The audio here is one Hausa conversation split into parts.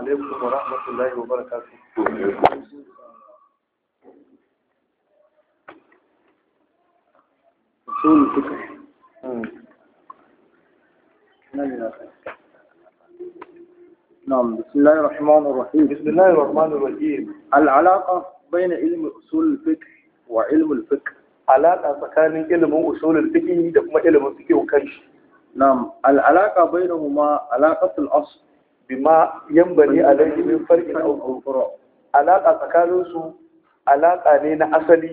عليكم ورحمة الله وبركاته أصول الفكر نعم،, نعم بسم الله الرحمن الرحيم بسم الله الرحمن الرحيم العلاقة بين علم أصول الفكر وعلم الفكر علاقة بين علم أصول الفكر وعلم علم الفكر وكنش نعم العلاقة بينهما علاقة الأصل bima yambani alaihi min farqin aw kufra alaka tsakanin su alaka ne na asali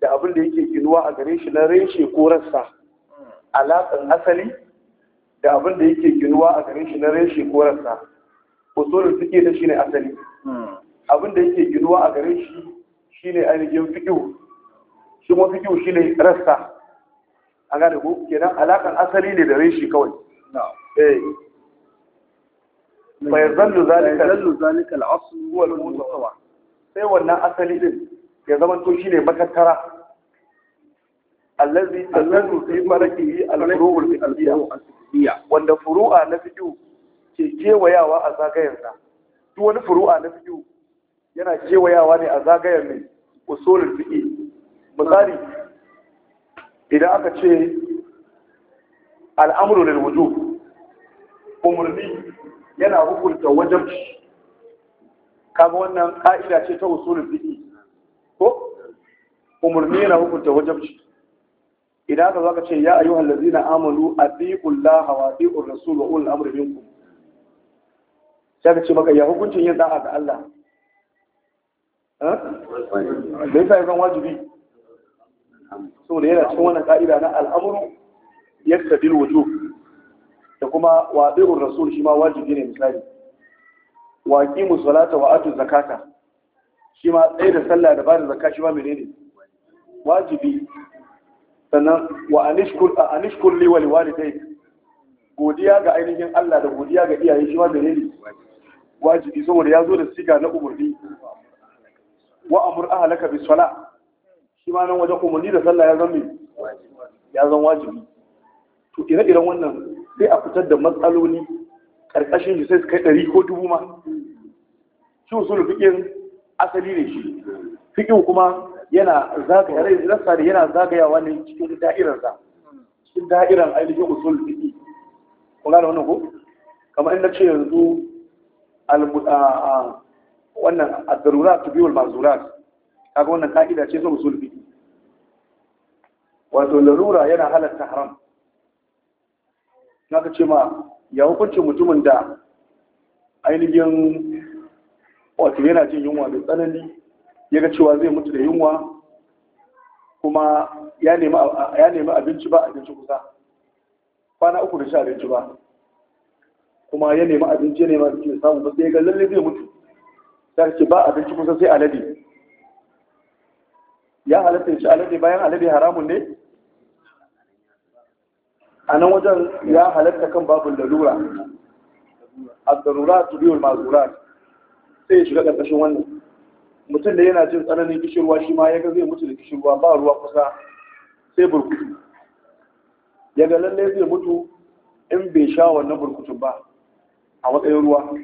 da abin da yake ginuwa a gare shi na reshe ko rassa alakan asali da abin da yake ginuwa a gare shi na reshe ko rassa usulul fiqh da shine asali abin da yake ginuwa a gare shi shine ainihin fiqh shi kuma fiqh shine rassa an gane ko kenan alakan asali ne da reshe kawai eh fa yazallu zalika yazallu zalika al-asl mutawa sai wannan asali din ya zama to shine matattara allazi allazi fi farqihi al furuul fiqhiyya wanda furu'a na fiqh ke kewayawa a sa to wani furu'a na fiqh yana kewayawa ne a zagayen ne usulul fiqh misali idan aka ce al-amru lil wujub umrni yana hukunta wajabci kaga wannan ka'ida ce ta usulul fiqh ko umarni yana hukunta wajabci idan aka zaka ce ya ayyuhal ladzina amanu atiqullaha wa atiqur rasul wa ulul amri minkum sai ka ce maka ya hukuncin yin da'a ga Allah da yasa yakan wajibi saboda yana cikin wannan ka'ida na al'amuru yaqtadil wujub kuma wa rasul shi ma wajibi ne misali wa qimu salata wa atu zakata shi ma tsaye da sallah da bada zakka shi ma menene wajibi sannan wa anishkur a anishkur li wal walidai godiya ga ainihin Allah da godiya ga iyaye shi ma menene wajibi saboda ya zo da siga na umarni. wa amur ahlaka bis sala shi ma nan wajen umarni da sallah ya zama ya zama wajibi to ire-iren wannan sai a fitar da matsaloli ƙarƙashin shi sai su kai ɗari ko dubu ma shi usul fiƙin asali ne shi fiƙin kuma yana zagaya rai rassa ne yana zagayawa ne cikin da'irarsa cikin da'irar ainihin usul fiƙi Ku gane wannan ko kamar inda ce yanzu wannan ad-darurat biyu mazurat kaga wannan ka'ida ce ta usul fiƙi wato larura yana halatta haram ka ce ma ya hukunci mutumin da ainihin wato yana jin yunwa da tsanani ya ga cewa zai mutu da yunwa kuma ya nemi abinci ba abinci kusa kwana uku da sha abinci ba kuma ya nemi abinci ya nemi abinci ya samu ba sai ga lalle zai mutu za ce ba abinci kusa sai alade ya halatta ya alade bayan alade haramun ne a nan wajen ya halatta kan babin lalura a darura su biyu mazura sai ya shiga ƙarƙashin wannan mutum da yana jin tsananin kishirwa shi ma ya ga zai mutu da kishirwa ba ruwa kusa sai burkutu ya ga lallai zai mutu in bai sha wannan burkutun ba a matsayin ruwa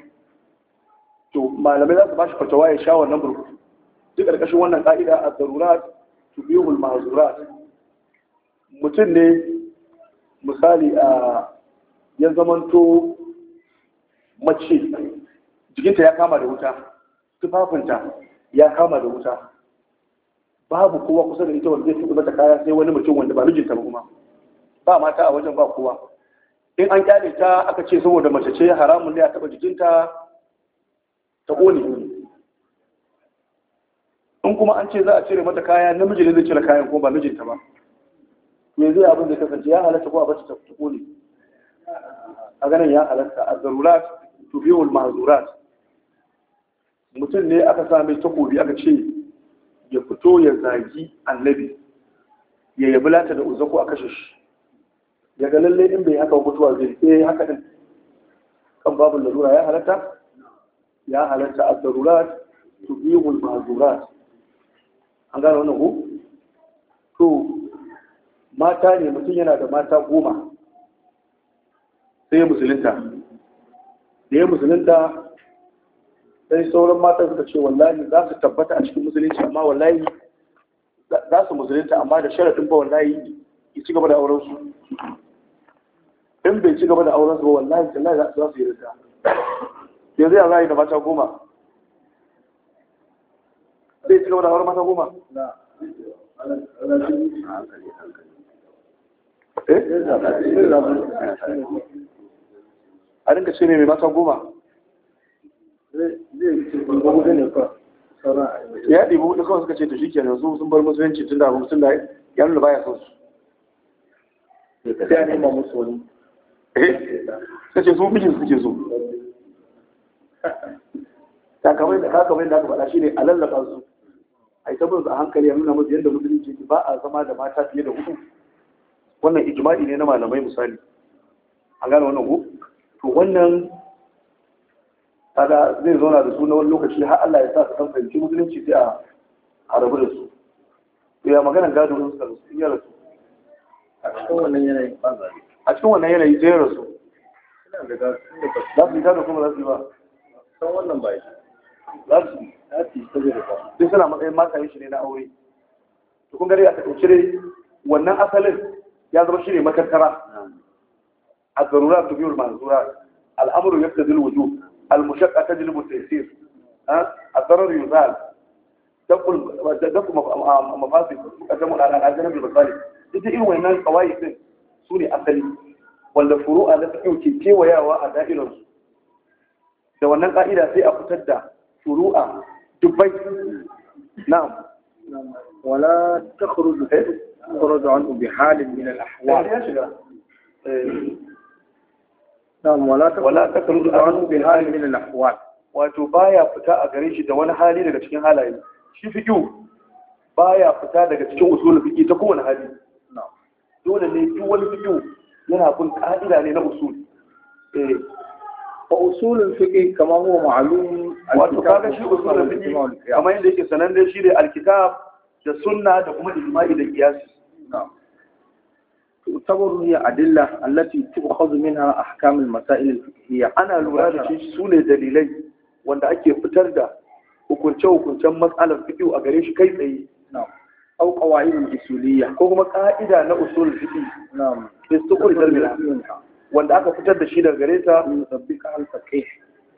to malamai za su ba shi fatawa ya sha wannan burkutu duk ƙarƙashin wannan ƙa'ida a darura su biyu mazura, mutum ne misali a ya zamanto mace jikinta ya kama da wuta tufafinta ya kama da wuta babu kowa kusa da ita wanda zai tuɓe da kaya sai wani mutum wanda ba mijinta ba kuma ba mata a wajen ba kowa in an kyale ta aka ce saboda mace ce haramun ne a taɓa jikinta ta ƙone in kuma an ce za a cire mata kaya namiji ne zai cire kayan kuma ba mijinta ba me zai abin da kasance ya halatta ko a bata ta tuko ne a ganin ya halatta a zarurat to biyu ma'azurat mutum ne aka sami takobi aka ce ya fito ya zagi annabi ya yabi lata da uzaku a kashe shi daga lalle in bai haka mutuwa zai eh haka din kan babu lalura ya halatta ya halatta a zarurat to biyu ma'azurat an gane wannan ko to mata ne mutum yana da mata goma sai musulunta da ya musulunta sai sauran mata suka ce wallahi za su tabbata a cikin musulunci amma wallahi za su musulunta amma da sharaɗin ba wallahi ya ci gaba da auren su in bai ci gaba da auren su ba wallahi tallahi za su yi rinta yanzu ya zai da mata goma sai ci gaba da auren mata goma Eh? a rinka ce ne mai mata goma ya ɗibu hudu kawai suka ce ta shi ke yanzu sun bar musulunci tun da abu musulun da ya nuna baya son su sai nema musu wani eh? suka ce su mijin suke so kakamai da kakamai da aka faɗa shi ne a lallaka su a yi tabbas a hankali ya nuna musu yadda musulunci ba a zama da mata fiye da hudu wannan ijma'i ne na malamai misali an gane wannan ko to wannan kaga zai zauna da su na wani lokaci har Allah ya sa su san fahimci musulunci sai a a rabu da su to ya magana gado in suka sun ya rasu a cikin wannan yanayi a cikin wannan yanayi zai rasu za su yi gado kuma za su yi ba san wannan ba za su yi sai suna matsayin matayen shi ne na aure to kun gari a ta dai wannan asalin ya zama shi ne makarkara a zarura ta biyu manzura al'amuru ya ta dilwudu al-mushaqqa ta dilwudu taysir a zarar da dakul mafasi a da jamun al'ajanar bilbasari ita irin wannan kawai din su ne asali wanda furu'a na fiye ke kewayawa a da'irarsu da wannan ka'ida sai a fitar da furu a dubbai na wala ta kuru eh? يعرض عنه بحال من الأحوال نعم ولا تخرج عنه بحال من الأحوال wato fita a gare shi da wani hali daga cikin halaye shi fiqhu baya fita daga cikin usulul fiqh ta kowane hali dole ne duk wani fiqh yana bin ka'ida ne na usul eh wa usulul fiqh kama huwa ma'lum wato kaga shi usulul fiqh kamar yadda yake sanan da shi da alkitab da sunna da kuma ijma'i da qiyas تعتبر هي أدلة التي تؤخذ منها أحكام المسائل الفقهية أنا لورا شيء سولة دليلي wanda ake fitar da hukunce-hukuncen matsalar fiƙi a gare shi kai tsaye au qawaidul usuliyya ko kuma ƙa'ida na usul fiqi na'am istiqul wanda aka fitar da shi daga gare ta musabbika al faqih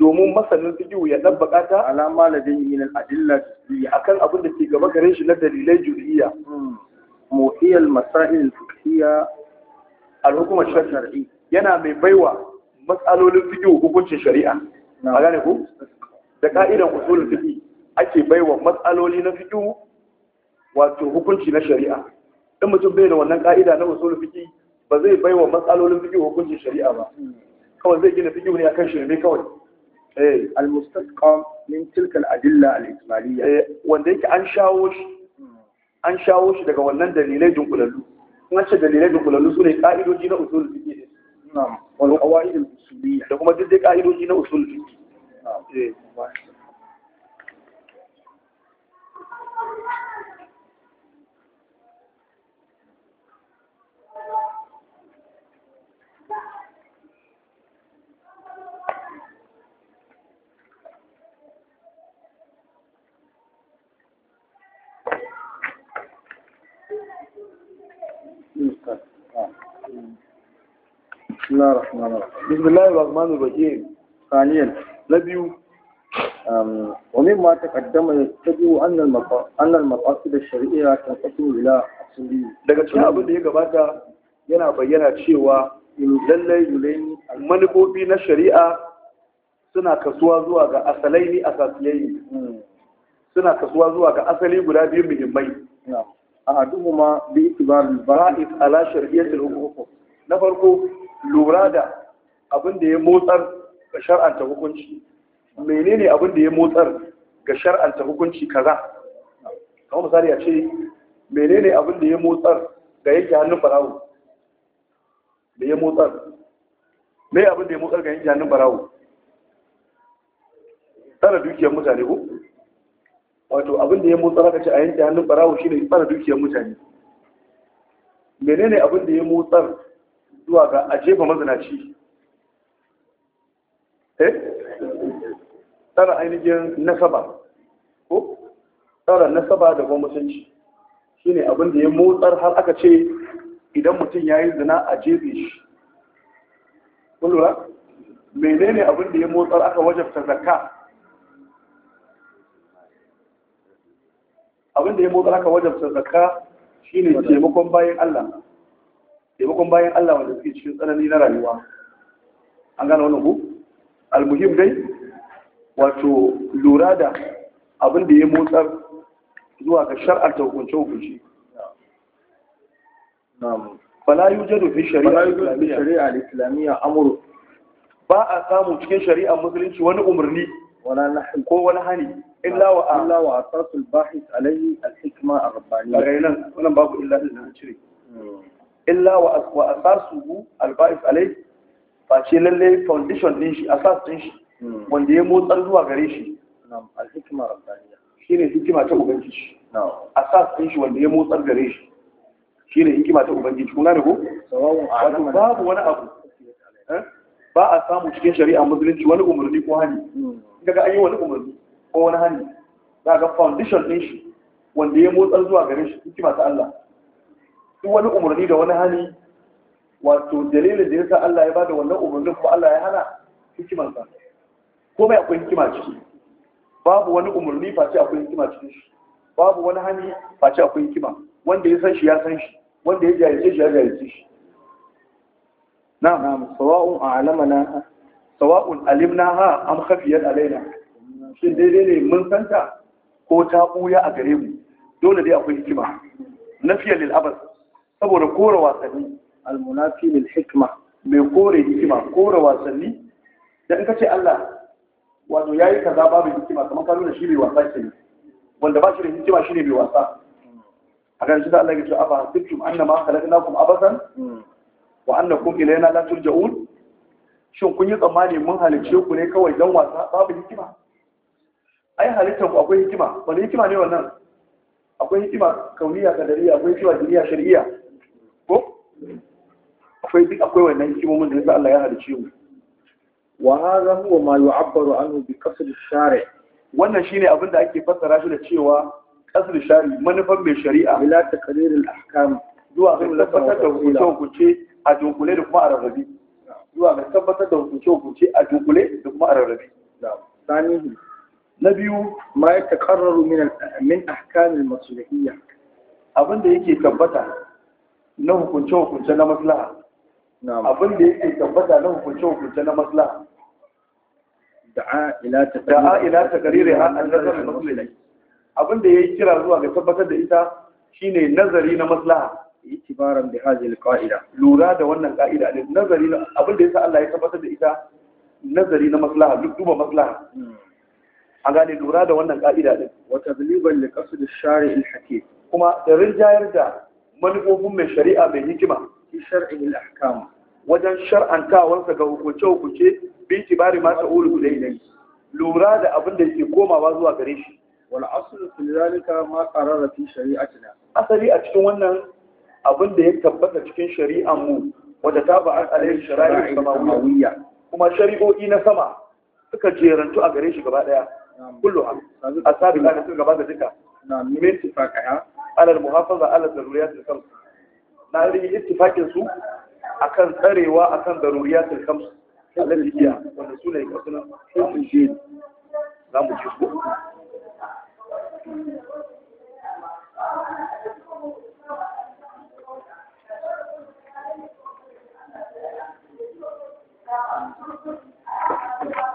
domin masanin fiqi ya dabbaka ta alama ladin min al adilla akan abin da ke gaba gare shi na dalilai juriya Muhiyar masahil masail al-fiqhiyya al shari yana mai baiwa matsalolin fiƙi hukuncin shari'a a gane ku da ka'idan usulul fiqh ake baiwa matsaloli na fiƙi wato hukunci na shari'a in mutum bai da wannan ka'ida na usulul fiqh ba zai baiwa matsalolin fiƙi hukuncin shari'a ba kawai zai gina fiƙi ne akan shirme kawai eh al mustaqam min tilka al-adilla al-ijmaliyya eh, wanda yake an shawo shi an shawo shi daga wannan dalilai dunkulallu An ce dalilai dunkulallu su ne ka'idoji na usul fiqh na'am wal qawaid al da kuma duk dai ka'idoji na usul fiqh الله الرحمن الرحيم بسم الله الرحمن الرحيم ثانيا نبي ومما تقدم يتبع أن أن المقاصد الشرعية تنقسم إلى أصلين. daga cikin abin da ya gabata yana bayyana cewa lallai yulaini manufofi na shari'a suna kasuwa zuwa ga asalai ne asasiyai suna kasuwa zuwa ga asali guda biyu muhimmai ahaduhuma bi itibar al-ba'id ala na farko lura da abin da ya motsar ga shar'anta hukunci menene abin da ya motsar ga shar'anta hukunci kaza kamar misali a ce menene abin da ya motsar ga yanke hannun barawo da ya motsar mai abin da ya motsar ga yanke hannun barawo tsara dukiyar mutane ko wato abin da ya motsar aka ce a yanke hannun barawo shine tsara dukiyar mutane menene abin da ya motsar zuwa ga a jefa mazinaci eh tsara ainihin nasaba ko tsara nasaba da gwamnatanci shine abin da ya motsar har aka ce idan mutum ya yi zina a jefe shi kullura menene abin da ya motsar aka wajabta zakka abin da ya motsar aka wajabta zakka shine taimakon bayan Allah taimakon bayan Allah wanda suke cikin tsanani na rayuwa an gane wani ku almuhim dai wato lura da abin da ya motsar zuwa ga shar'arta hukunce hukunci fala yujadu fi shari'a al-islamiyya amru ba a samu cikin shari'a musulunci wani umarni ولا نحن كو ولا هني الا وأ... الا واساس الباحث عليه الحكمه الربانيه غيرنا ولا باب الا ان cire. Hmm. illa wa asar suhu alba'is alai face lalle foundation din shi asas din shi hmm. wanda ya motsar zuwa gare shi na'am al rabbaniya shine hikima ta ubangiji na'am asas din shi wanda ya motsar gare shi shine hikima ta ubangiji Kuna gane ko babu wani abu eh, ba a samu cikin shari'a musulunci wani umarni ko hani daga hmm. an yi wani umarni ko wani hani za ga foundation din shi wanda ya motsar zuwa gare shi hikima ta Allah duk wani umarni da wani hali, wato dalilin da yasa Allah ya bada wannan umarnin ko Allah ya hana hikimar sa mai akwai hikima ciki babu wani umarni face akwai hikima ciki shi babu wani hali face akwai hikima wanda ya san shi ya san shi wanda ya jayyace shi ya jayyace shi na'am sawa'un a'lamana sawa'un alimnaha am khafiyat alaina shin daidai ne mun santa ko ta buya a gare mu dole dai akwai hikima nafiyar lil abas saboda kore wasanni almunafi lil hikma mai kore hikima kore wasanni da in ka ce Allah wato yayi kaza babu hikima kamar ka nuna shi mai wasa ke wanda ba shi da hikima shi ne mai wasa a ganin shi da Allah ya ce aba dukkum annama khalaqnakum abasan hmm. wa annakum ilayna la turja'un shin kun yi tsammani mun halice ku ne kawai don wasa babu hikima ai halittar ku akwai hikima wani hikima ne wannan akwai hikima kauniya kadariya akwai hikima jiniya shari'iya akwai duk akwai wannan kimomin da yasa Allah ya halice mu wa hadha huwa ma yu'abbaru anhu bi qasd ash-shari' wannan shine abin da ake fassara shi da cewa qasd ash-shari' manufan mai shari'a bila taqrir al-ahkam zuwa ga tabbatar da hukunce-hukunce a dunkule da kuma a rarrabe zuwa ga tabbatar da hukunce-hukunce a dunkule da kuma a rarrabe sanihi na biyu ma ya taqarraru min min ahkam al-maslahiyya abin da yake tabbata na hukunce-hukunce na maslaha abin da yake tabbata na hukunce-hukunce na maslaha da'a ila karire ha an nazar maslaha abin da yayi kira zuwa ga tabbatar da ita shine nazari na maslaha itibaran da hadhihi alqa'ida lura da wannan ka'ida ne nazari abin da yasa Allah ya tabbatar da ita nazari na maslaha duk duba maslaha hmm. a gane lura da wannan ka'ida ne. Wata tabliban li kasu da share in hakim kuma da rinjayar da manufofin mai shari'a mai hikima fi shar'il ahkam wajen shar'anta wansa ga hukunce-hukunce bi tibari ma ta'ulu ilayhi lura da abin da yake komawa zuwa gare shi wal aslu fi zalika ma qarara fi shari'atina asali a cikin wannan abin da ya tabbata cikin shari'an mu wadda ta ba an alayhi shari'a samawiyya kuma shari'o'i na sama suka jerantu a gare shi gaba daya kullu a sabiqa da suka da duka na mintifa kaya على المحافظة على ضروريات الخمس نعلي اتفاق سوء أكن تري وأكن ضروريات الخمس التي هي ونسونا يقصنا حب الجيل لا مجيب Thank you.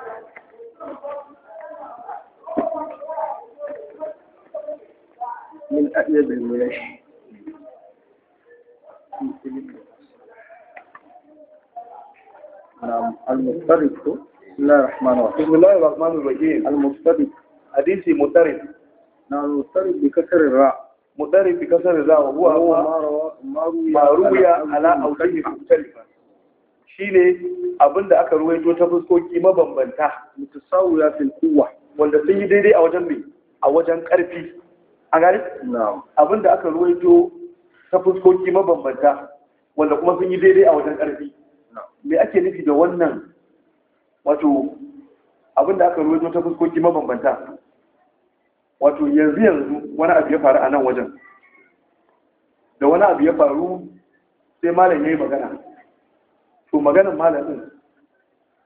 من أدب الملح نعم المضطرب بسم الله الرحمن الرحيم بسم الله الرحمن الرحيم المضطرب حديثي مضطرب نعم المضطرب بكسر الراء مضطرب بكسر الراء وهو هو ما روي على أوجه مختلفة shine abinda aka ruwaito ta fuskoki mabambanta mutasawiya fil quwwa wanda sun yi daidai a wajen mai a wajen karfi a gari abinda aka ruwaito ta fuskoki mabambanta wanda kuma sun yi daidai a wajen ƙarfi me ake nufi da wannan wato abinda aka ruwaito ta fuskoki mabambanta wato yanzu yanzu wani abu ya faru a nan wajen da wani abu ya faru sai malam ya yi magana to maganin malamin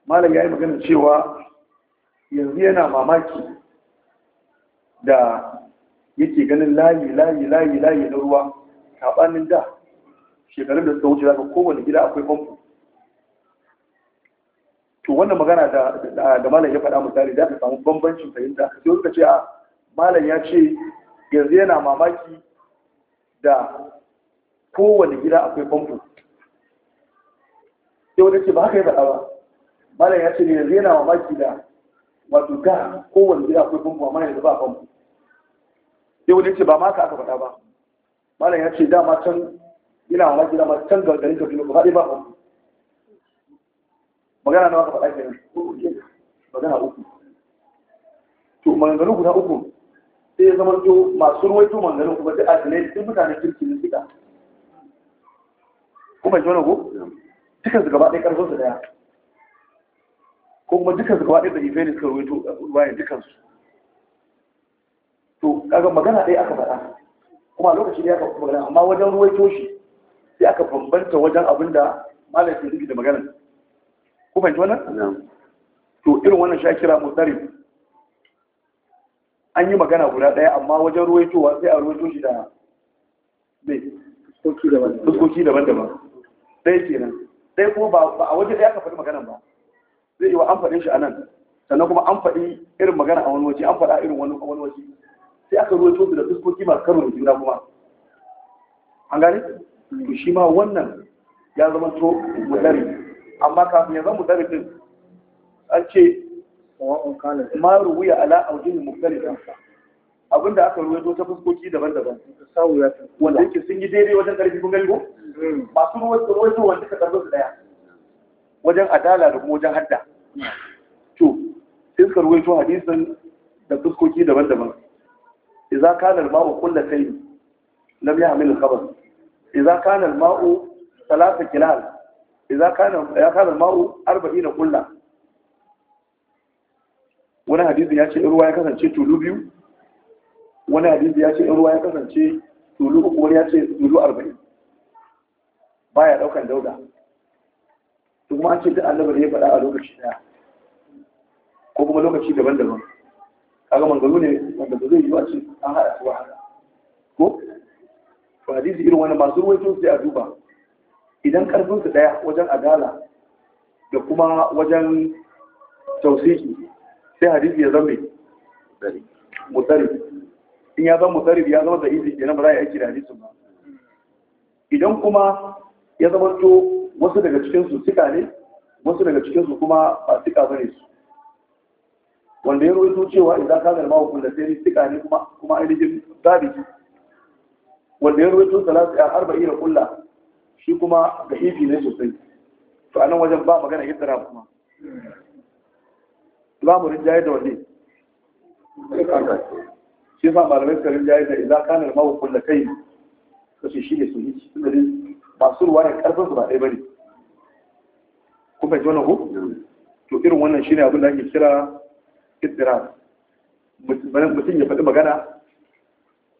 malam ya yi maganin cewa yanzu yana mamaki da ke ganin layi layi layi layi na ruwa saɓanin da shekarun da suka wuce zaka kowane gida akwai famfo to wannan magana da da malam ya faɗa misali da ka samu bambancin fahimta sai suka ce a malam ya ce yanzu yana mamaki da kowane gida akwai famfo sai wata ce ba haka ya faɗa ba malam ya ce yanzu yana mamaki da wato da kowane gida akwai famfo amma yanzu ba famfo sai wani ce ba ma ka aka faɗa ba malam ya ce dama can ina wa maki ma can gargarin ka duniya ba ba ba magana na aka faɗa kenan magana uku to maganganu guda uku sai ya zama to masu ruwaito maganganu kuma da adalai sun mutane kirki ne suka kuma ji wani ko dukkan su gaba ɗaya ƙarfin su ɗaya ko kuma dukkan su gaba ɗaya da ife ne suka ruwaito bayan dukkan su to kaga magana ɗaya aka faɗa kuma lokaci ɗaya aka magana amma wajen ruwai toshi sai aka bambanta wajen abin da malam ke nufi da magana ku fahimci wannan to irin wannan shakira kira mutsari an yi magana guda ɗaya amma wajen ruwai towa sai a ruwai toshi da mai fuskoki daban-daban ɗaya kenan ɗaya kuma ba a waje ɗaya aka faɗi magana ba zai yi wa an faɗin shi a nan sannan kuma an faɗi irin magana a wani waje an faɗa irin wani waje sai aka ruwaito su da fuskoki masu karo da juna kuma an gane to shi ma wannan ya zama to mudari amma kafin ya zama mudari din an ce ma ruwiya ala aujin mukhtalifa abinda aka ruwaito ta fuskoki daban-daban wanda yake sun yi daidai wajen karfi kun gani ko hmm. masu ruwaito wanda ka karbo su daya wajen adala da kuma wajen hadda hmm. to sai suka ruwaito hadisin da fuskoki daban-daban idza kana al-ma'u qullatayn lam yahmil al-khabath idza kana al-ma'u thalatha kilal idza kana ya kana al-ma'u 40 wani hadisi ya ce in ruwa ya kasance tulu biyu wani hadisi ya ce in ruwa ya kasance tulu uku wani ya ce tulu 40 baya daukan dauda kuma an ce duk annabi ne ya faɗa a lokaci daya ko kuma lokaci daban-daban kaga mangaru ne wanda ba zai yi a ce an haɗa su ba ko to hadisi irin wani masu ruwaito sai a duba idan karfin ɗaya wajen adala da kuma wajen tausiki sai hadisi ya zama mutsari in ya zama mutsari ya zama da izi kenan ba za a yi aiki da hadisin ba idan kuma ya zama to wasu daga cikinsu suka ne wasu daga cikinsu kuma ba suka bane su wanda ya rawaito cewa idan ka zalma wa kullu sai tika ne kuma kuma ainihin zabiki wanda ya rawaito salatu ya harba iya kulla, shi kuma ga ifi ne sosai to anan wajen ba magana hidda kuma za mu rinjaye da wanne shi sa malamai suka rinjaye da idan ka zalma wa kullu kai kace shi ne sahihi tunda masu ruwa ne karfin su ba ɗaya bane kuma ji wani hu to irin wannan shi ne abin da ake kira istirar mutum ya faɗi magana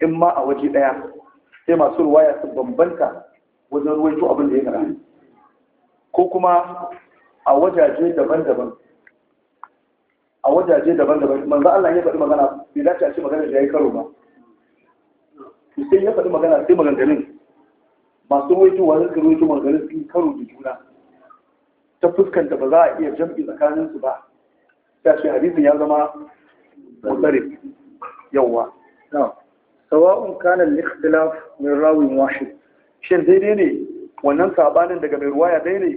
in ma a waje ɗaya sai masu ruwaya su bambanta wajen ruwaito abin da ya faɗa ko kuma a wajaje daban-daban a wajaje daban-daban manzo Allah ya faɗi magana bai dace a ce magana da ya karo ba sai ya faɗi magana sai maganganun masu ruwaito wa zaka ruwaito maganganun sun karo da juna ta fuskanta ba za a iya jam'i tsakaninsu ba tashi hadisin ya zama mutsari yawwa sawa'un kana al-ikhtilaf min rawi wahid shin daidai ne wannan sabanin daga mai ruwaya dai ne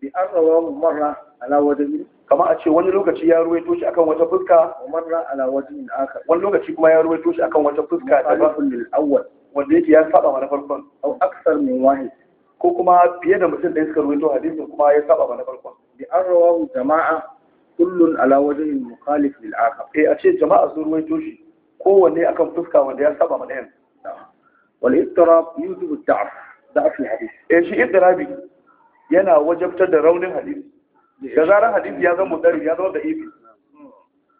bi an mu marra ala wajhi kama a ce wani lokaci ya ruwaito shi akan wata fuska marra ala wajhi aka. wani lokaci kuma ya ruwaito shi akan wata fuska daban lil awwal wanda yake ya saba mana farkon au aksar min wahid ko kuma fiye da mutum da suka ruwaito hadisin kuma ya saba mana farkon bi an rawa jama'a كل على وجه مخالف للآخر اي اشي جماعة الزور وين توجي قوة اني اكم تفكى وان ديال من هم والاضطراب يوجب الضعف ضعف الحديث اي شيء اضرابي ينا وجب تدرون الحديث جزارة حديث يازا مدرب يازا ضعيف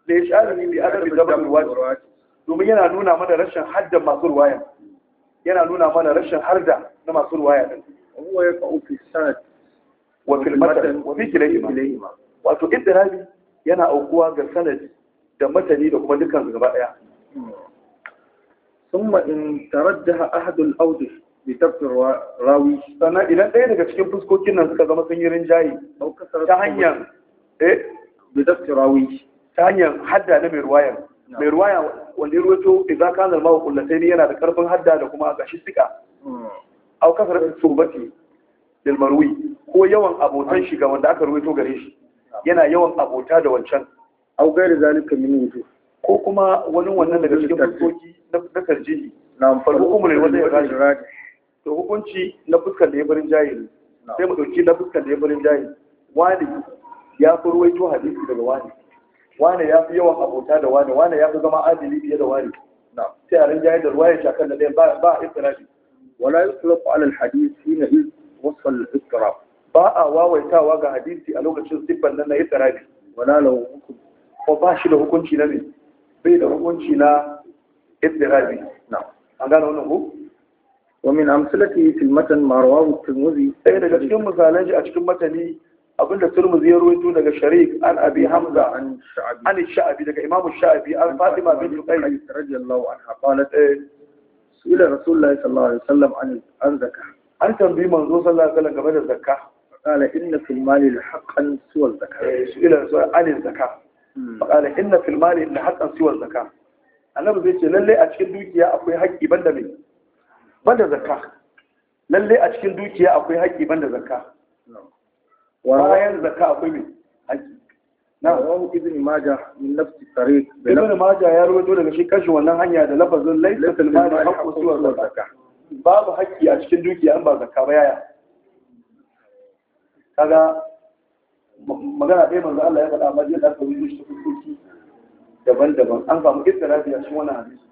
ليش قال لي بأدب الضبط الواجب دوما ينا نونا من رشن حد ما صور وايا ينا نونا من رشن حرزة ما صور وايا هو يقع في الساد وفي المتن وفي كليهما wato iddirabi yana aukuwa ga sanadi da matani da kuma dukkan gaba daya summa in tarajjaha ahadul awdih bi tafsir rawi sannan idan ɗaya daga cikin fuskokin nan suka zama sun yi rinjaye ta hanyar eh bi tafsir rawi ta hanyar hadda na mai ruwaya mai ruwaya wanda ya ruwato idza kana al-mawu kullatayn yana da karfin hadda da kuma gashi sika hmm. aw kasar surbati lil marwi ko yawan abotan shi ga wanda aka ruwato gare shi yana yawan abota da wancan au gairi zalika min wujuh ko kuma wani wannan daga cikin fuskoki na tarjihi na amfani hukumu ne wanda ya rashi to hukunci na fuskar da ya barin jahili sai mu dauki na fuskar da ya barin jahili wani ya fi ruwaito hadisi daga wani wani ya fi yawan abota da wani wani ya fi zama adili fiye da wani sai a jahili da ruwaye shakar da ɗaya ba a istirafi wala yutlaqu ala alhadith hina wasal al ba a wawaitawa ga hadisi a lokacin siffan nan na yi tsarabi Wana na hukum ko ba shi da hukunci na ne bai da hukunci na istirabi na an gane wani ko wa min amsalati fil matan ma rawahu sai daga cikin misalan a cikin matani abinda turmuzi ya ruwaito daga sharik an abi hamza an sha'abi an daga imamu sha'abi an fatima bin qais radiyallahu anha qalat sallallahu alaihi wasallam an an zakka an tambayi manzo sallallahu alaihi wasallam game da zakka قال إن في المال حقا سوى الزكاة سئل سؤال عن الزكاة فقال إن في المال حقا سوى ce lalle a cikin dukiya akwai haƙƙi banda mai bayan zakka akwai mai haƙƙi na rawahu ya rawaito daga shi kashi wannan hanya da lafazin laysa al mali haqqu siwa zakka babu haƙƙi a cikin dukiya in ba zaka ba yaya kaga magana ɗaya manzo Allah ya faɗa amma jiya da aka shi kuki daban-daban an samu ittirafi a cikin wannan hadisi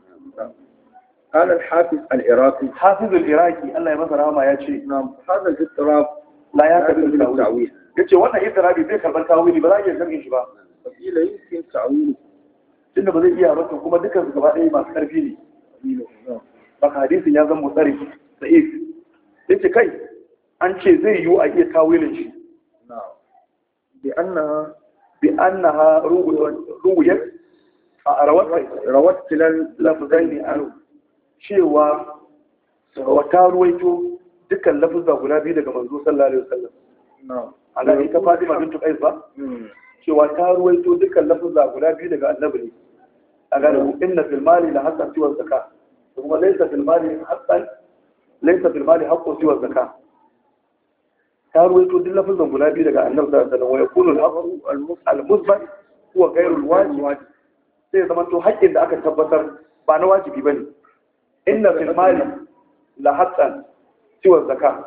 قال الحافظ العراقي حافظ العراقي الله يمسى رحمه يا شيخ نعم هذا الاضطراب لا يقبل التعويل yace wannan idrabi bai karban tawili ba za ki san shi ba kila yumkin ta'wil tunda ba zai iya ba kuma dukkan su gaba ɗaya masu karfi ne baka hadisin ya zama mutsari sa'if kai an ce zai yiwu a iya tawilin shi bi ha ruguyar a rawar tilal ne anu cewa wata ruwaito dukkan lafizza guda biyu daga manzo sallallahu alaihi wasallam ala ita fatima bintu tukai ba hmm. cewa ta ruwaito dukkan lafizza guda biyu daga annabari a ga inna fil mali la hasan siwa zaka kuma laisa filmari mali hasan laysa fil mali haqqu siwa ta ruwaito duk lafazan guda biyu daga annabi sallallahu alaihi wasallam wa yakunu al-amru al-musbat huwa ghayru al-wajib sai zama to haƙƙin da aka tabbatar ba na wajibi bane inna fil mali la haqqan siwa zakka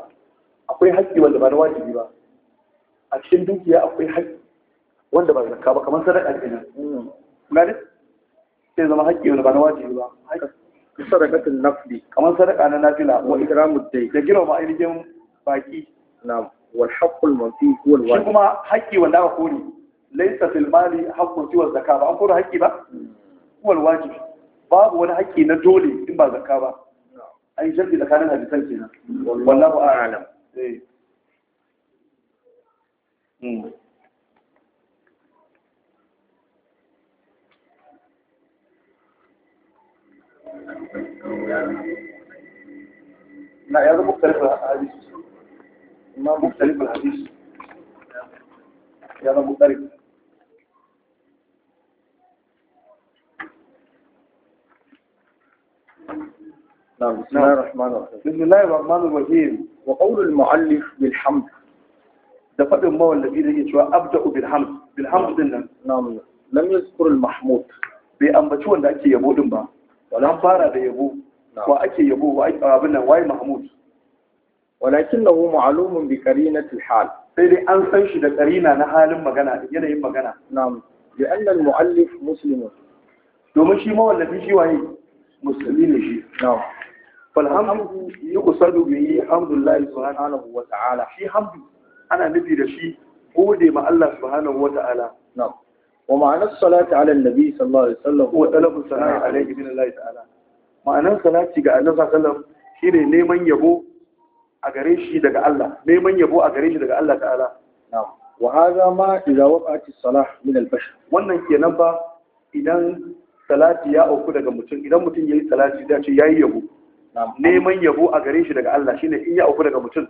akwai haƙƙi wanda ba na wajibi ba a cikin dukiya akwai haƙƙi wanda ba zakka ba kamar sadaka kenan gani sai zama haƙƙi wanda ba na wajibi ba sadaqatul nafli kamar sadaka na nafila wa ikramud day da girma ainihin baki na'am wal haqqul manfi huwa al wajib kuma haƙƙi wanda aka kore laysa fil mali haqqun siwa zakka ba an kore haƙƙi ba hmm. huwa al wajib babu wani haƙƙi na dole in ba zakka ba ai jarki tsakanin eh. hmm. na نعم بسم الله الرحمن الرحيم بسم الله الرحمن الرحيم وقول المعلف بالحمد ده فضل ما والذي ده يتوى أبدأ بالحمد بالحمد نعم. لله نعم لم يذكر المحمود بأن بتوى أن أكي يبو دمبا ولم فارد يبو نعم. وأكي يبو وأكي آه، أبنى واي محمود Wanakin lahu ma'lumun bi qarinatil hal sai dai an san shi da qarina na halin magana yanayin magana na'am li anna al mu'allif domin shi mawallafi shi waye musulmi ne shi na'am falhamdu yuqsadu bihi hamdulillahi subhanahu wa ta'ala shi hamdu ana nufi da shi gode ma Allah subhanahu wa ta'ala na'am wa ma'anar salati ala nabi sallallahu alaihi wasallam wa talabu salati alaihi min Allah ta'ala ma'anar ga shine neman yabo a gare shi daga Allah neman yabo a gare shi daga Allah ta'ala wa hadha ma idza waqa'ati salah min al-bashr wannan kenan ba idan salati ya auku daga mutum idan mutum yayi salati da ce yayi yabo neman yabo a gare shi daga Allah shine in ya auku daga mutum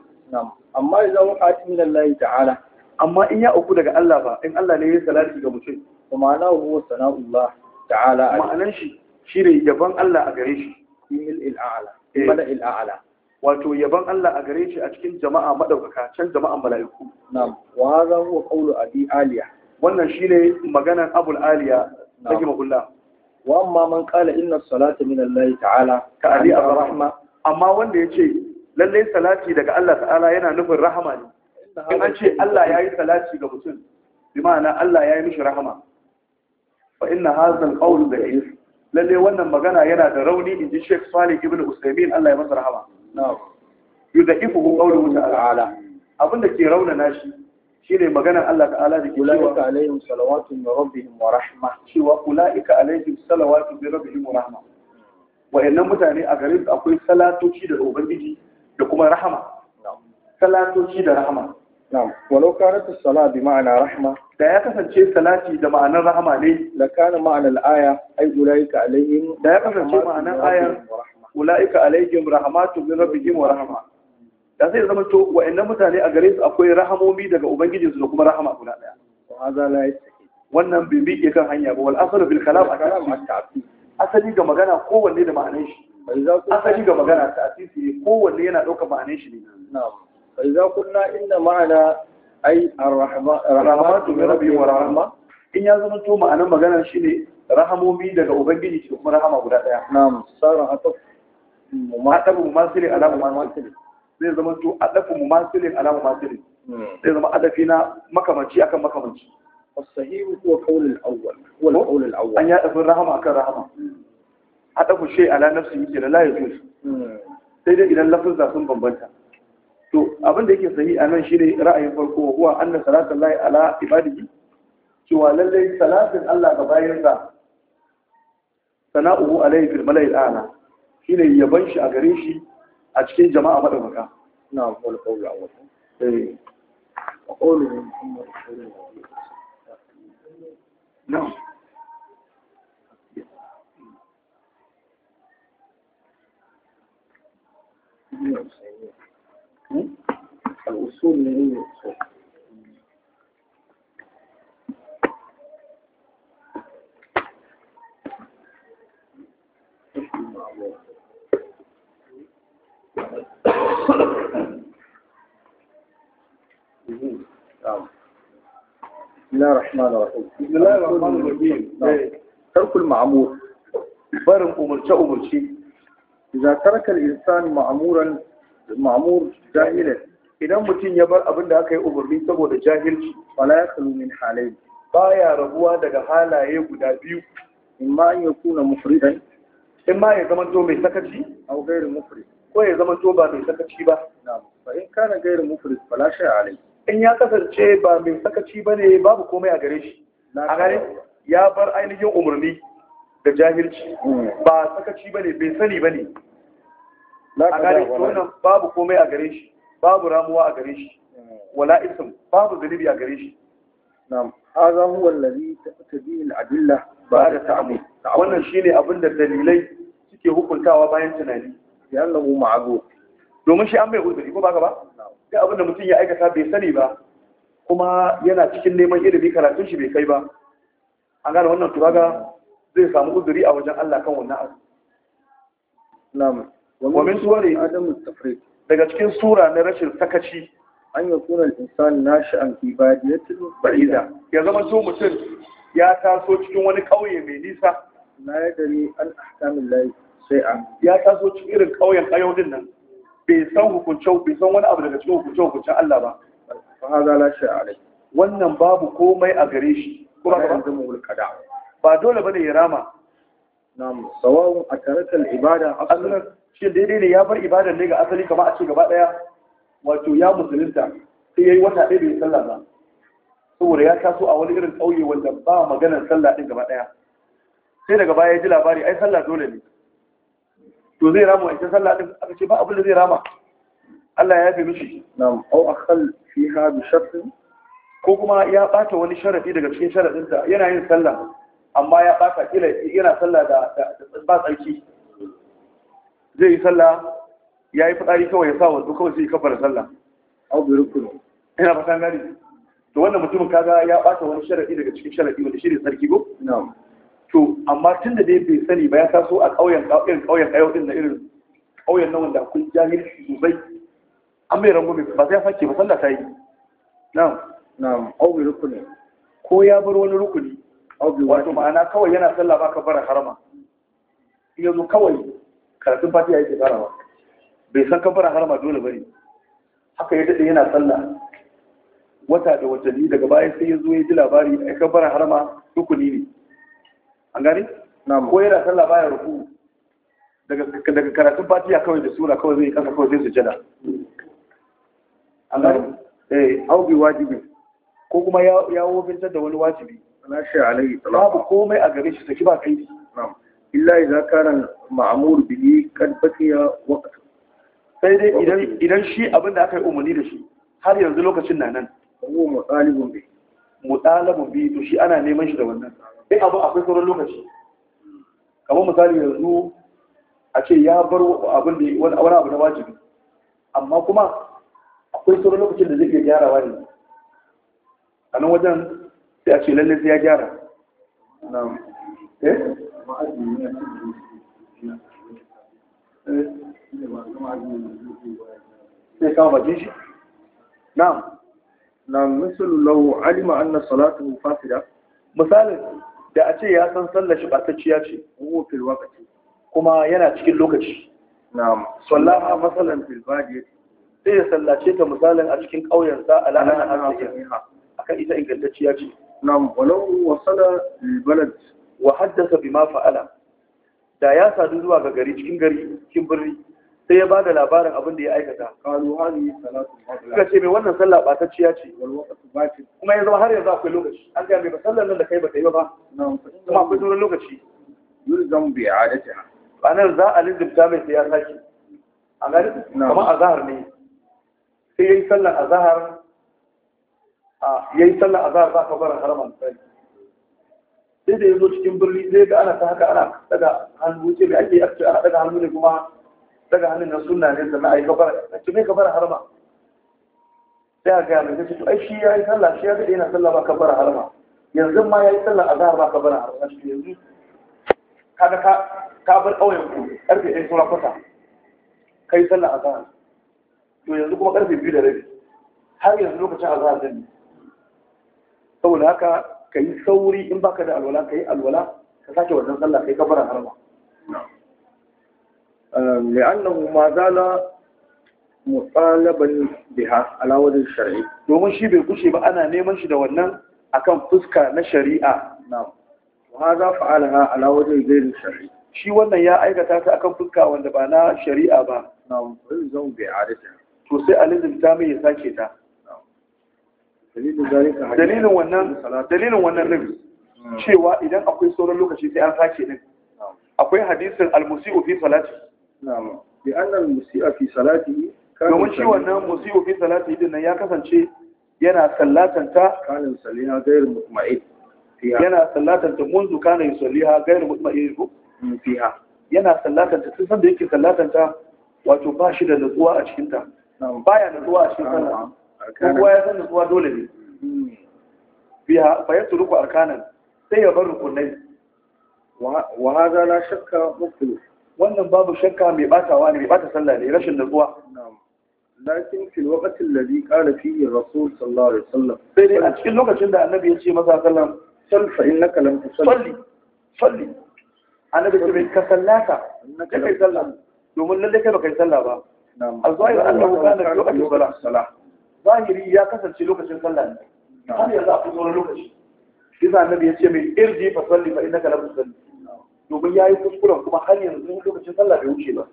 amma idza waqa'ati min Allah ta'ala amma in ya auku daga Allah ba in Allah ne yayi salati ga mutum kuma ana huwa sana'ullah ta'ala ma'anan shi shine yaban Allah a gare shi imil al-a'la bada eh. wato yaban Allah a gare shi a cikin jama'a madaukaka can jama'an mala'iku na'am wa hadha huwa qawlu abi aliya wannan shine maganan abul aliya take magulla wa amma man qala inna salata min Allah ta'ala ka ali ar-rahma amma wanda yace lalle salati daga Allah ta'ala yana nufin rahama ne in an ce Allah ya yi salati ga mutum bi ma'ana Allah ya yi mishi rahama fa inna hadha al-qawl da'if lalle wannan magana yana da rauni inji Sheikh Salih ibn Usaymin Allah ya masa rahama yudaifuhu qawluhu ta'ala abinda ke raunana shi shine maganar Allah ta'ala da ke cewa alaihim salawatu min rabbihim wa rahma cewa ulaika alaihim salawatu min rabbihim wa rahma wayannan mutane a garin akwai salatoci da ubangiji da kuma rahama salatoci da rahama na'am walau kanat as-salat bi ma'ana rahma da ya kasance salati da ma'anar rahama ne la kana ma'anar aya ay ulaika alaihim da ya kasance ma'anar ayar ula'ika alaihim rahmatu min rabbihim wa rahma da sai zama to wa'annan mutane a gare su akwai rahamomi daga ubangijinsu da kuma rahama guda daya hadha la wannan bai miƙe kan hanya ba wal asalu bil kalam at asali ga magana kowanne da ma'anar shi asali ga magana ta'sisi kowanne yana ɗaukar ma'anar shi ne na'am fa idza qulna inna ma'ana ay ar-rahmatu min rabbi wa rahma in ya zama to ma'anar magana shine rahamomi daga ubangiji da kuma rahama guda daya na'am sara atafu muhadabu mumasilin alama mumasilin zai zama to adafu mumasilin alama mumasilin hmm. zai zama adafi na makamanci akan makamanci as-sahihu huwa qawl al-awwal huwa al-qawl al-awwal an ya dafa rahama akan rahama hmm. adafu shay ala nafsi yake la yajuz hmm. sai dai idan lafuzza sun bambanta to abin da yake sahi a nan shine ra'ayin farko huwa anna salatan lahi ala ibadihi cewa lallai salatin Allah ga bayansa sana'uhu alayhi fil mala'il a'la shine yaban shi a gare shi a cikin jama'a madaukaka na wal qawlu wa eh qawlu na الأصول من الأصول الله الرحمن الرحيم بسم الله الرحمن idan mutum ya bar abin da aka yi umarni saboda jahilci wala ya rabuwa daga halaye guda biyu in ma in ma ya zama mai sakaci ko ya zama to ba mai sakaci ba Ba fa in kana gairu mufrid shay'a in ya kasance ba mai sakaci ba ne babu komai a gare shi a gare ya bar ainihin umarni da jahilci hmm. ba sakaci ba ne bai sani ba ne a gare wannan babu komai a gare shi babu ramuwa a gare shi hmm. wala isim babu zunubi a gare shi na'am hadha ta allazi tabi Ba adilla ba'da ta'ammul wannan shine abin da dalilai suke hukuntawa bayan tunani ya lagu ma'azu domin shi an bai uzuri ko baka ba duk abin da mutum ya aikata bai sani ba kuma yana cikin neman ilimi karatun shi bai kai ba an gane wannan turaga zai samu uzuri a wajen Allah kan wannan abu na'am wa min suwari adam tafriq daga cikin sura na rashin sakaci an yi sura insan nashi an ibadiyatu ba'ida ya zama so mutum ya taso cikin wani kauye mai nisa na yadda ni an ahkamin layi sai an ya taso cikin irin kauyen ayyudin nan bai san hukuncin bai san wani abu daga cikin hukuncin hukuncin Allah ba fa hada la shay alai wannan babu komai a gare shi kuma ba zan mu kada ba dole bane ya rama nam sawau akarata al-ibada aslan shi daidai ne ya bar ibadar ne ga asali kamar a ce gaba daya wato ya musulunta sai yayi wata ɗaya bai sallah ba saboda ya taso a wani irin ƙauye wanda ba maganar sallah din gaba daya sai daga baya ya ji labari ai sallah dole ne to zai rama cikin sallah din aka ce ba abin da zai rama Allah ya yafe mishi na'am aw akhal fiha bi shartin ko kuma ya bata wani sharadi daga cikin sharadin ta yana yin sallah amma ya bata kila yana sallah da ba tsarki zai yi sallah ya yi fitsari kawai ya sa wanzu kawai sai ya kafara sallah aw bi rukun ina fatan gari. to wannan mutumin kaga ya bata wani sharadi daga cikin sharadi wanda shi ne sarki go na'am to amma tun da dai bai sani ba ya taso a ƙauyen ƙauyen ƙauyen ƙauyen ɗin na irin ƙauyen nan wanda akwai jahilci sosai an bai rango ba sai ya fake ba sallah ta yi na'am na'am au rukuni ko ya bar wani rukuni wato ma'ana kawai yana sallah ba ka bara harama in yanzu kawai karatun fatiha yake farawa bai san ka bara harama dole bane haka ya daɗe yana sallah wata da watanni daga baya sai ya zo ya ji labari a kan bara harama rukuni ne an gani ko yana sallah baya ruku daga karatun fatiya kawai da sura kawai zai kasa kawai zai jada an gani eh hau bi wajibi ko kuma ya wofintar da wani wajibi na shi alaihi babu komai a gare shi saki ba kai ne. illa idza kana ma'mur bihi qad baqiya waqt sai dai idan idan shi abin da aka yi umarni da shi har yanzu lokacin na nan ko mutalibun bi mutalibun bi to shi ana neman shi da wannan sai abu akwai sauran lokaci kamar misali yanzu a ce ya bar abin da wani abu na wajibi amma kuma akwai sauran lokacin da zai iya gyara ne a nan wajen sai a ce lalle sai ya gyara eh? sai kama bakin shi na misalin lau alima anna salatu fasida misalin da a ce ya san sallar shi batacciya ce wa fil kuma yana cikin lokaci na'am sallaha masalan fil sai ya sallace ta misalin a cikin ƙauyen sa a ana a akan ita ingantacciya ce na'am walau wasala lil balad wa bi bima fa'ala da ya sadu zuwa ga gari cikin gari cikin birni sai ya bada labarin abin da ya aikata suka ce mai wannan sallah ce har yanzu akwai lokaci an ga mai sallar nan da kai ba ta yi ba kuma akwai sauran lokaci yulzam bi za a lizimta mai ya saki a gani kamar azhar ne sai yayi sallar a yayi sallar azhar za ka bar harama sai da yazo cikin birni zai ga ana ta haka ana daga hannu ce da ake yi ana daga hannu ne kuma daga hannun nan suna ne sannan ai kafara na ce kafara harma sai a gaya mai zai to ai shi ya yi sallah shi ya daɗe yana sallah ba kafara harma yanzu ma ya yi sallah a zahar ba kafara harma shi yanzu kaga ka bar ƙauyen ku ƙarfe ɗaya saura kwata ka yi sallah a zahar to yanzu kuma ƙarfe biyu da rabi har yanzu lokacin a zahar ne saboda haka ka yi sauri in baka da alwala ka yi alwala ka sake wannan sallah kai yi kafara harma لأنه ما زال مطالبا بها على وجه الشرعي دومن شي بي كوشي با انا neman شي دا wannan akan fuska na shari'a na haza fa'alaha ala wajen gairin shari'i shi wannan ya aikata ta akan fuska wanda ba na shari'a ba na zan bi adata to sai alizimta mai sake ta dalilin wannan dalilin wannan din cewa idan akwai sauran lokaci sai an sake din akwai hadisin al-musi'u fi salati na'am bi annal musi'a fi salatihi domin din nan ya kasance yana sallatanta kanin yana sallatanta munzu kana yusalliha gairu mutma'in ko mm, fiha yana wato ba shi da nutsuwa a cikin ta baya nutsuwa a cikin sallah kowa ya san nutsuwa dole ne fiha mm. fa yatruku sai ya wannan babu shakka mai batawa ne mai bata sallah ne rashin nutsuwa lakin fil waqti alladhi qala fihi rasul sallallahu alaihi wasallam sai dai a cikin lokacin da annabi ya ce masa sallam sal fa innaka lam tusalli salli annabi ya ce ka sallata innaka kai sallah domin lalle kai baka yi sallah ba azwai annahu kana lokacin sallah zahiri ya kasance lokacin sallah ne har yanzu a fito lokaci. Iza annabi ya ce mai irji fa salli fa innaka lam tusalli domin ya yi kuskuren kuma har yanzu lokacin sallah bai wuce ba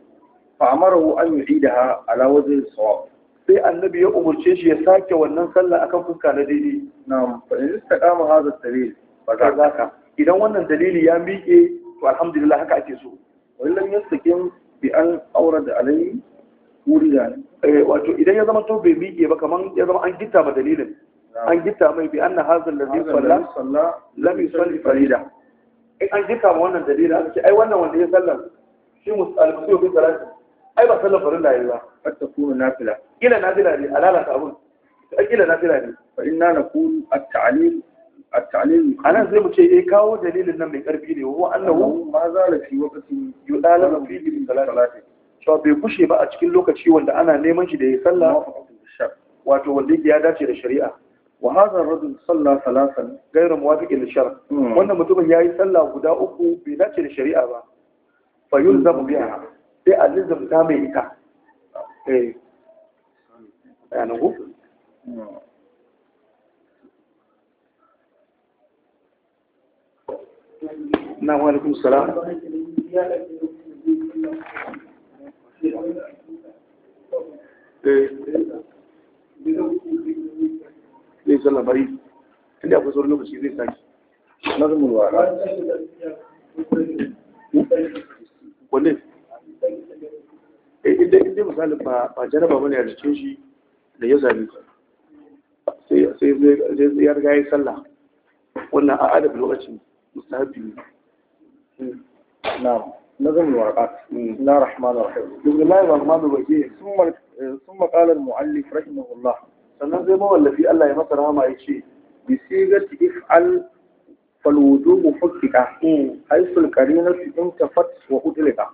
fa'amarahu an yi yu'idaha ala wajhi sawab sai annabi ya umurce shi ya sake wannan sallah akan fuska na daidai na'am fa in istaqama hadha dalil fa zaka idan wannan dalili ya miƙe to alhamdulillah haka ake so Wani wallan yastaqim bi an awrada alayhi wurida eh, wato idan ya zama to bai miƙe ba kaman ya zama an gitta ma dalilin an gitta mai bi anna hadha alladhi salla lam yusalli farida in an jika ma wannan dalili aka ce ai wannan wanda ya sallan shi al ko fi salati ai ba sallan farin da yayi ba hatta kuma nafila kila nafila ne alala ta abun na nafila ne fa inna naqul at-ta'lim at-ta'lim ana sai mu ce eh kawo dalilin nan mai karfi ne wa annahu ma zala fi waqti yudala fi salati to bai kushe ba a cikin lokaci wanda ana neman shi da ya sallah wato wanda ya dace da shari'a wa hadha ar-rajul salla thalathan ghayra muwafiqin lishar hmm. wannan mutumin yayi sallah guda uku bai dace da shari'a ba fa yulzamu biha sai a ta mai ita eh na wa alaikum eh ليس لا بعيد عندي أبو زور نبي شيء ليس نظم الواقع كنف إذا إذا مثلا ب بجانا بابا نعرف شيء شيء ليه زاني سي سي زي زي يرجع يصلى ولا أعد بلغة مستحب نعم نظم الواقع لا رحمة الله رحيم بسم الله الرحمن الرحيم ثم ثم قال المعلق رحمه الله sannan zai mawallafi Allah ya masa rahama ya ce bisigat if'al falwudu mufakkika haisul qarinatu in tafat wa udlika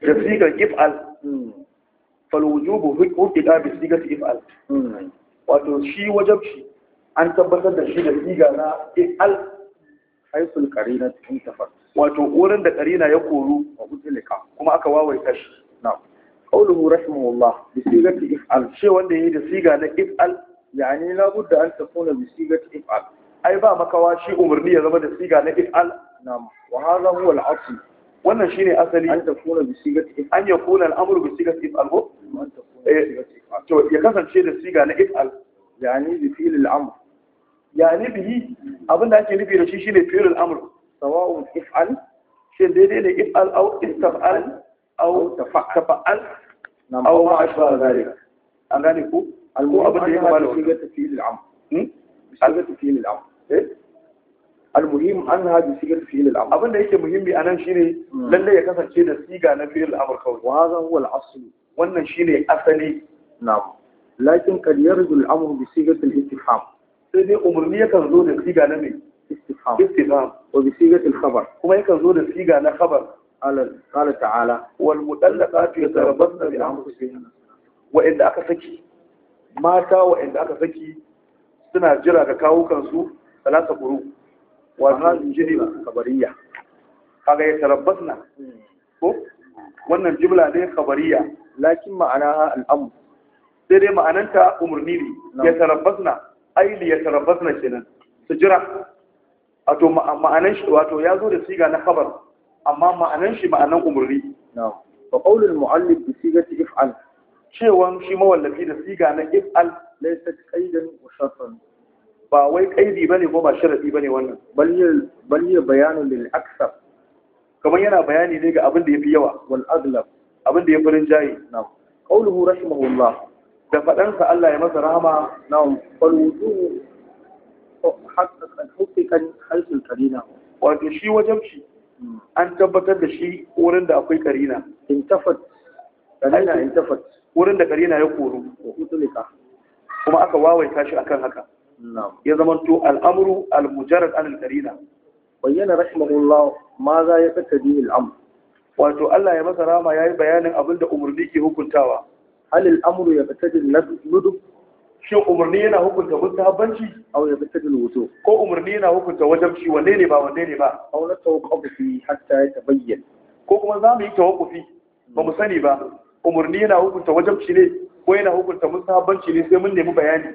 bisigat if'al falwujubu hukika bisigat if'al wato shi wajabci an tabbatar da shi da siga na if'al haisul qarinatu in tafat wato wurin da qarina ya koru wa udlika kuma aka wawaita shi na'am قوله رحمه الله بصيغة إفعل شيء وانده هي بصيغة إفعل يعني لابد أن تكون بصيغة إفعل أي بقى مكواشي أمرني هذا بدأ بصيغة إفعل نعم وهذا هو الأصل وانا شيني أصلي أن تكون بصيغة إفعل أن يكون الأمر بصيغة إفعل هو يكسر شيء بصيغة إفعل يعني بفعل الأمر يعني به أبدا أنت نبي رشيشي لفعل الأمر سواء إفعل شيء ديدي لإفعل أو استفعل au tafa'al au ma ashba zalika ko ko an hadi sigar fi'il al-amr abin yake muhimmi anan shine lalle ya kasance da siga na fi'il al-amr kawai wa wannan shine asali na'am lakin qad yarju al-amr bi sigat sai dai umarni yakan zo da siga na wa bi sigat kuma yakan zo da siga na kabar. قال تعالى والمطلقات يتربصن بأنفسهن وإن أكا سكي ماتا وإن أكا سكي سنة جرى كاو كنسو ثلاثة قروء وهذا جريمة خبرية هذا يتربصن wannan jimla ne khabariya lakin ma'ana al'amur sai dai ma'ananta umarni ne ya tarabbasna aili ya tarabbasna kenan su jira wato ma'anan shi wato ya zo da siga na khabar amma ma'anan shi ma'anan umarni fa qawlul mu'allif bi sigati if'al cewan shi mawallafi da siga na if'al laysa qaidan wa shartan ba wai kaidi bane ko ba sharadi bane wannan bal bal bayanu lil aksar kamar yana bayani ne ga abin da yafi yawa wal aglab abin da yafi rinjaye na'am qawluhu rahimahullah da fadansa Allah ya masa rahama na'am fal wujuhu haqqan haqqan haythu karina wato shi wajabci an tabbatar da shi wurin da akwai karina intafat karina intafat wurin da karina ya koru kuma aka wawaita shi akan haka ya zamanto al'amru al-mujarrad an karina bayyana rahimahullah ma za ya tattabi al'amr wato Allah ya masa rama ya yi bayanin abinda umarni ke hukuntawa hal al'amru ya tattabi nudub shin umarni yana hukunta mustahabbanci aw ya bata wuto ko umarni yana hukunta wajabci wanne ne ba wanne ne ba aw la tawqafi hatta ya ko kuma za mu yi tawqufi ba mu sani ba umarni yana hukunta wajabci ne ko yana hukunta mustahabbanci ne sai mun nemi bayani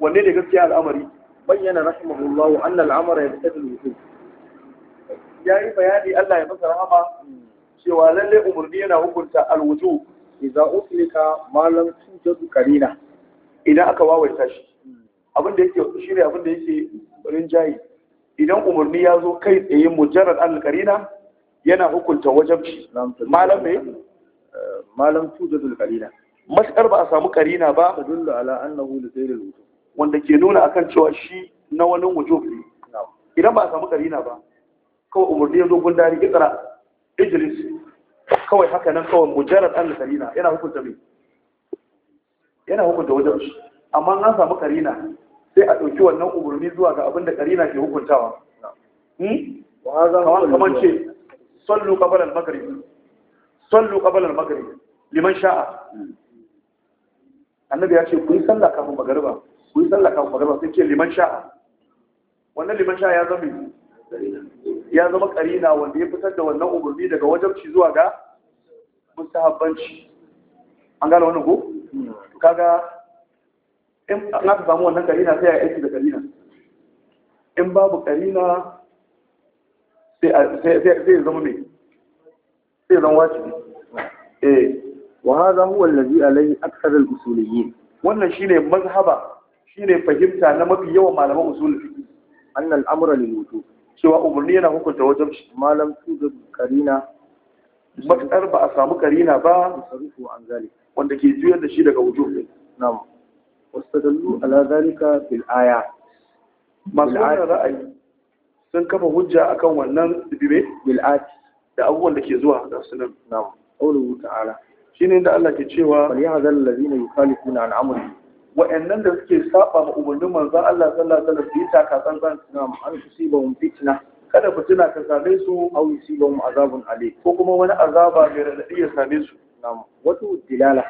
wanne ne gaskiya al'amari bayyana rahimahullah anna al'amara yabtadi al-wudu yayi bayani Allah ya masa rahama cewa lalle umarni yana hukunta al-wudu idza uslika ma lam tujad qarina idan aka wawaita shi abin da yake shi ne abin da yake rinjaye idan umarni ya zo kai tsaye mujarrad al-qarina yana hukunta wajen shi. malam ne malam da qarina maskar ba a samu qarina ba tadullu ala annahu li ghayril wujub wanda ke nuna akan cewa shi na wani wujub ne idan ba a samu qarina ba kawai umarni ya zo gundari ikra ijlis kawai haka nan kawai mujarar al yana hukunta mai yana hukunta wajen amma an samu karina sai a ɗauki wannan umarni zuwa ga abin da karina ke hukuntawa hmm? kawan kamar ce sallu qabala al-maghrib sallu qabala al-maghrib liman sha'a annabi ya ce ku yi sallah kafin magariba ku yi sallah kafin magariba sai ce liman sha'a wannan liman sha'a ya zama ya zama karina wanda ya fitar da wannan umarni daga wajabci zuwa ga mustahabbanci an gane wannan ko to kaga in aka samu wannan karina sai a yi aiki da karina in babu karina sai ya zama mai sai ya zama wajibi eh wa hadha huwa alladhi alayhi akthar al-usuliyyin wannan shine mazhaba shine fahimta na mafi yawan malaman usul annal amra lil wujub cewa umarni yana hukunta wajen malam tuzur karina matsar ba a samu karina ba a sarufu an zalika wanda ke juyar da shi daga wujub na'am wastadallu ala zalika bil aya masu wannan ra'ayi sun kafa hujja akan wannan dibe bil ati da abubuwan da ke zuwa da nan. na'am qawluhu ta'ala shine inda Allah ke cewa wal yahzal ladina yukhalifuna na amri wa'annan da suke saba ma umarnin manzon Allah sallallahu alaihi wasallam su yi takatsantsan na'am an tusibahum fitna kada fitina ta same su aw yusibahum azabun alim ko kuma wani azaba mai radadi ya same su nam wato dilala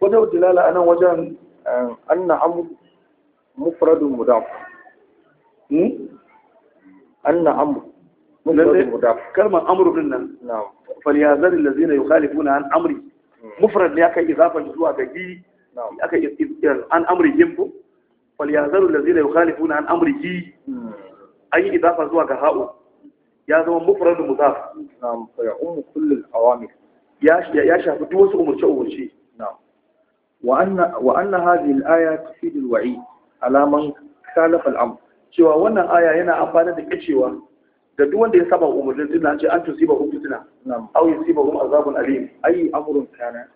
wato dilala anan wajen eh, anna amr mufradun mudaf hmm? anna amr mufradun mudaf kalmar amr din nan nam falyazar allazina yukhalifuna an amri hmm. mufrad ne aka izafa zuwa ga gi aka eh, an amri yimbo falyazar allazina yukhalifuna an amri gi hmm. an yi izafa zuwa ga ya zama mufradun mudaf nam ya shafi duk wasu umurce umurce wa anna wa aya tufid al-wa'id alaman man khalafa cewa wannan aya yana amfana da kacewa ga duk wanda ya saba umurnin din an ce an tusiba hum fitna aw ba hum azabun alim ayi amrun tana.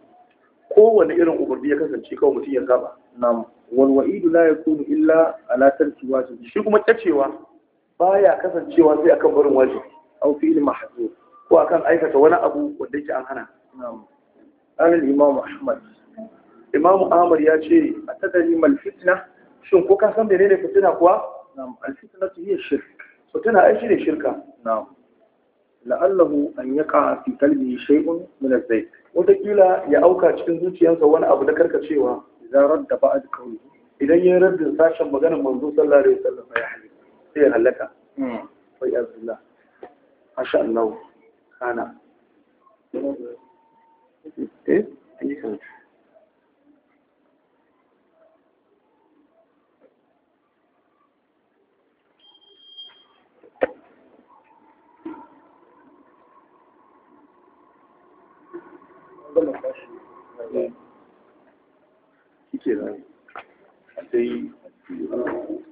kowane irin umarni ya kasance kawai mutum ya saba na'am wal wa'idu ya yakunu illa ala tarki wajibi shi kuma kacewa baya kasancewa sai akan barin wajibi aw fi'il mahdhur ko akan aikata wani abu wanda yake an hana Amin. imamu ahmad imamu ahmad ya ce a tadari mal fitna shin ko ka san menene fitina kuwa na'am al fitna ta hiya shirk fitina ai shi ne shirka na'am la'allahu an yaqa fi qalbi shay'un min az-zayt wata kila ya auka cikin zuciyarsa wani abu da karkacewa idan radda ba'd qawli idan ya radda sashen maganar manzo sallallahu alaihi wasallam ya halaka sai ya halaka hmm. wa yazillah asha Allah kana eh?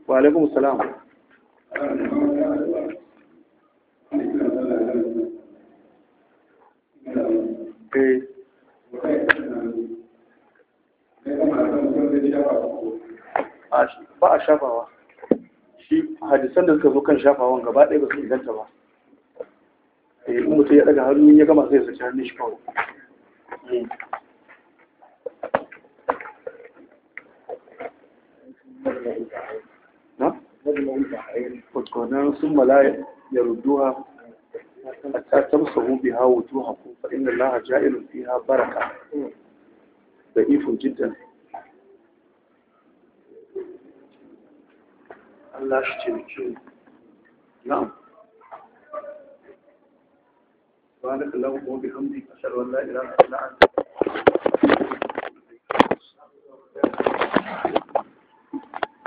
Wa alaikum salam. eh ba a shafawa shi hadisan da suka zo kan shafawan gaba ɗaya ba su inganta ba eh in mutum ya daga hannu ya gama sai ya hannun shi kawai hmm. na? Wadda sun mala ya ruduwa حتى تمسحوا بها وجوهكم فإن الله جائل فيها بركة ضعيف جدا الله يشتركوا نعم سبحانك اللهم وبحمدك أشهد أن لا إله إلا أنت